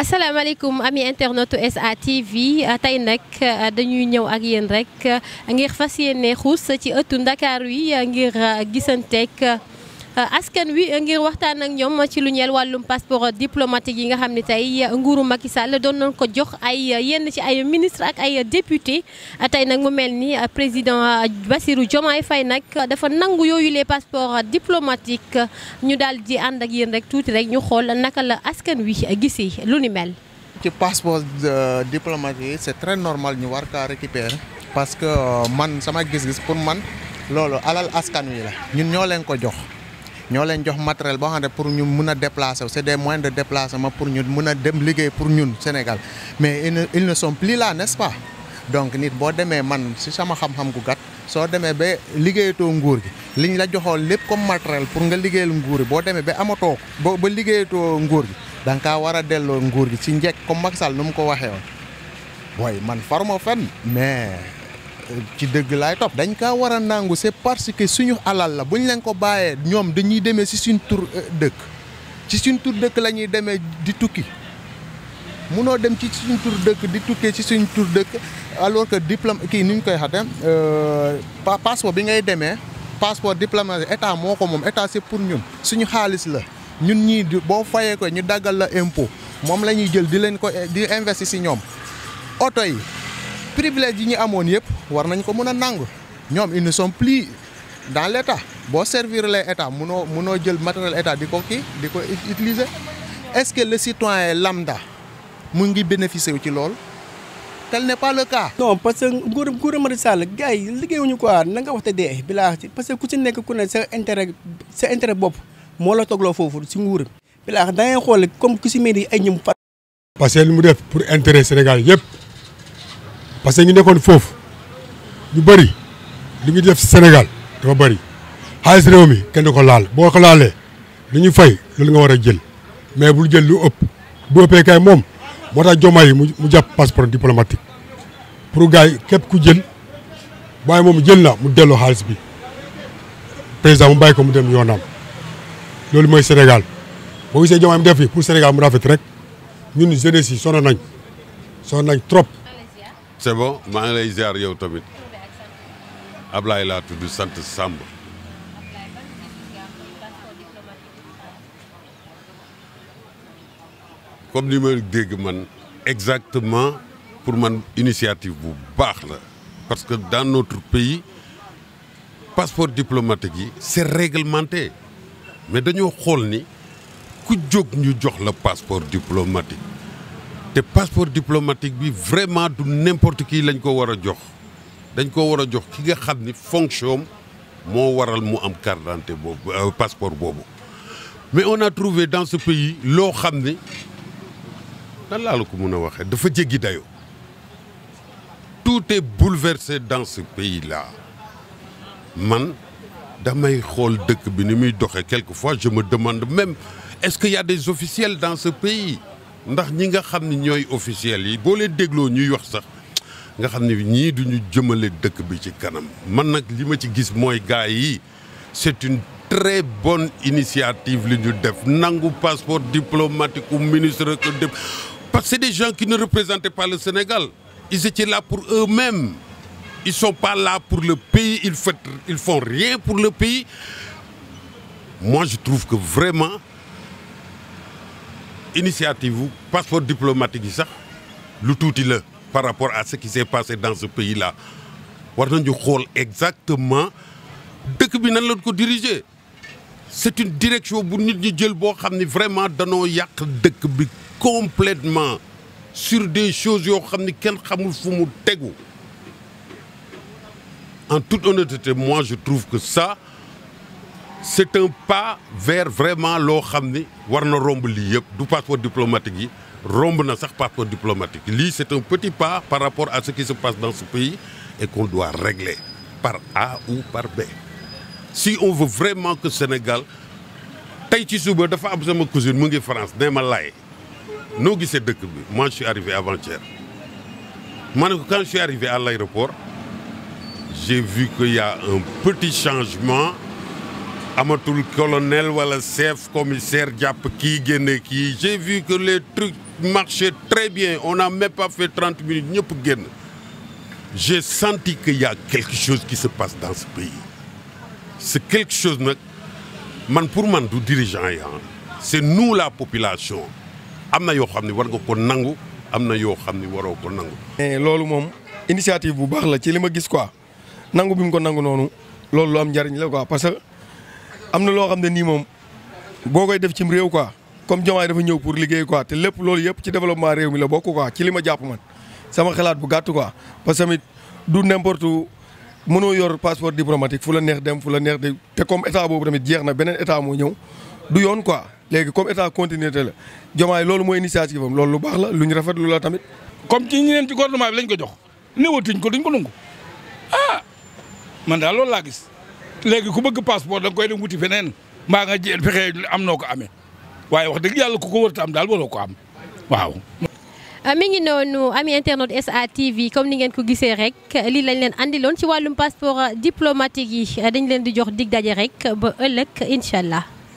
asalaamaaleykum ami internetu SA TV euh, tey nag euh, dañuy ñëw ak yéen rek euh, ngir fas yéene xuus ci ëttu Ndakaaru yi ngir gisanteek Euh, askan wi euh, ngir waxtaan ak ñoom ci lu ñeel wàllum passeport euh, diplomatique yi nga xam ne tey nguuru Macky Sall doon nañ ko jox ay yenn ci ay ministre ak ay député tey nag mu mel ni président Bassirou Diomaye Faye nag dafa nangu yooyu les passeports diplomatiques ñu daal di ànd ak yéen rek tuuti rek ñu xool naka la askan wi gisee lu ni mel. ci passeport diplomatique yi c'est très normal ñu war kaa récupérer parce que man sama gis-gis pour man loolu alal askan wi la ñun ñoo leen ko jox. ñoo leen jox matériel boo xam ne pour ñu mun a déplacer c'est des moyens de déplacement pour ñu mun a dem liggéey pour ñun Sénégal mais ils ne sont plus la n'est-ce pas donc nit boo demee man si sama xam-xam gu gàtt soo demee ba liggéeyatoo nguur gi liñ la joxoon lépp comme matériel pour nga liggéeyal nguur gi boo demee ba amatoo boo ba liggéeyatoo nguur gi danga nga kaa war a delloo nguur gi si njëkk comme Macky Sall nu mu ko waxee woon booy man faruma fenn mais. ci dëgg laay topp dañ kaa war a nangu c'est parce que suñu alal la bu ñu leen ko bàyyee ñoom dañuy demee ci suñu tur euh, dëkk ci suñ tur dëkk la ñuy demee di tukki munoo dem ci suñ dëkk di tukkee ci suñ tur dëkk alors que diplôme kii ni ñu koy xate euh, passeport bi ngay demee passeport diplomatique état moo ko moom état c'est pour ñun suñu xaalis la ñun ñii boo fayee ko ñu daggal la impôt moom la ñuy jël di leen ko di investir si ñoom oto yi privilège yi ñu amoon yëpp war nañ ko mën a nangu ñoom ils ne sont plus dans l' état boo servir les état munoo munoo jël matériel état di ko kii di ko utiliser est ce que le citoyen lambda mu ngi bénéficier wu ci lool tel n'est pas le cas. non parce que nguur nguur Macky Sall gars yi liggéeyuñu quoi na nga wax te dee bilaa parce que ku ci nekk ku ne sa intérêt sa intérêt bopp moo la toogloo foofu si nguur bilaa da ngay xool comme ku si mel ni ay ñum fa. mu def pour intérêt Sénégal yëpp. parce que ñu nekkoon foofu ñu bari li ñu def si Sénégal dafa bari xaalis réew mi kenn du ko laal boo ko laalee lu ñu fay loolu nga war a jël mais bul jël lu ëpp bu ëppee kay moom moo tax Diomaye mu jàpp passeport diplomatique pour gars yi képp ku jël waaye moom jël na mu delloo xaalis bi président mu bàyyi ko mu dem yoonam loolu mooy Sénégal boo gisee Diomaye mu def fi pour Sénégal mu rafet rek ñun jeunesse yi sonn nañ sonn nañ trop. c'est bon maa ngi lay ziar yow tamit Ablaye laa tudd sant Samb comme ni ma dégg man exactement pour man initiative bu baax la parce que dans notre pays passeport diplomatique yi c'est réglementé mais dañoo xool ni ku jog ñu jox la passeport diplomatique te passeport diplomatique bi vraiment du n'importe kii lañ ko war a jox dañ ko war a jox ki nga xam ni fonction moo waral mu am carte d'identité boobu euh, passeport boobu mais on a trouvé dans ce pays loo xam ni nan laa la ko mën a waxee dafa jéggi dayoo tout est bouleversé dans ce pays là man damay xool dëkk bi ni muy doxee quelquefois je me demande même est-ce qu'il y des officiels dans ce pays ndax ñi nga xam ne ñooy officiels yi boo leen dégloo ñuy wax sax nga xam ne ñii duñu jëmale dëkk bi ci kanam man nag li ma ci gis mooy gars yi c'est une très bonne initiative li ñu def nangu passeport diplomatique ou ministre que def parce que des gens qui ne représentaient pas le Sénégal ils ci là pour eux-mêmes ils sont pas là pour le pays il font ils font rien pour le pays moi je trouve que vraiment initiative bu passeport diplomatique yi sax lu tuuti la par rapport à ce qui s'est passé dans ce pays là war nañu xool exactement dëkk bi nan la ko diriger c'est une direction bu nit ñu jël boo xam ni vraiment danoo yàq dëkk bi complètement sur des choses yoo xam ni kenn xamul fu mu tegu en toute honnêteté moi je trouve que ça c'est un pas ver vraiment loo xam ni war na romb lii yëpp du passeport diplomatique yi romb na sax passeport diplomatique lii c'est un petit pas par rapport à ce qui se passe dans ce pays et qu'on doit régler par A ou par B si on veut vraiment que Sénégal tey ci suba dafa am sama cousine mu ngi France nee ma laay noo gisee dëkk bi moi je suis arrivé avant-hier ma ne ko quand je suis arrivé à l'aéroport j'ai vu qu'il y un petit changement amatul colonel wala chef commissaire jàpp kii génne kii j'ai vu que les trucs marchaient très bien on n'a même pas fait trente minutes ñëpp génn j'ai senti que y a quelque chose qui se passe dans ce pays c'est quelque chose nag man pour man du dirigeant yi ah. c'est nous la population am na yoo xam ne war nga ko nangu am na yoo xam ne waroo ko nangu. loolu moom initiative bu baax la ci li ma gis quoi nangu bi mu ko nangu noonu loolu lu am njariñ la quoi parce que. am na loo xam ne nii moom boo koy def cim réew quoi comme Diomaye dafa ñëw pour liggéey quoi te lépp loolu yëpp ci développement réew mi la bokk quoi ci li ma jàpp man sama xalaat bu gàtt quoi parce que tamit du n'importe mënoo yor passeport diplomatique fu la neex dem fu la neex de te comme état boobu tamit jeex na beneen état moo ñëw du yoon quoi léegi comme état continuité la Diomaye loolu mooy initiative am loolu lu baax la lu ñu rafetlu la tamit. comme ci ñeneen ci gouvernement bi lañ ko jox néewatuñ ko duñ ko nangu ah man daal loolu laa gis. léegi ku bëgg passeport da koy dem wuti feneen mbaa nga jël fexe am noo ko amee waaye wax dëgg yàlla ko ko warta am daal waroo ko am waaw. Ah, mi ngi noonu ami internet SA TV comme ni ngeen ko gisee rek lii lañ leen andiloon ci wàllum passeport diplomatique yi ah, dañ leen di jox dig daje rek ba ëllëg incha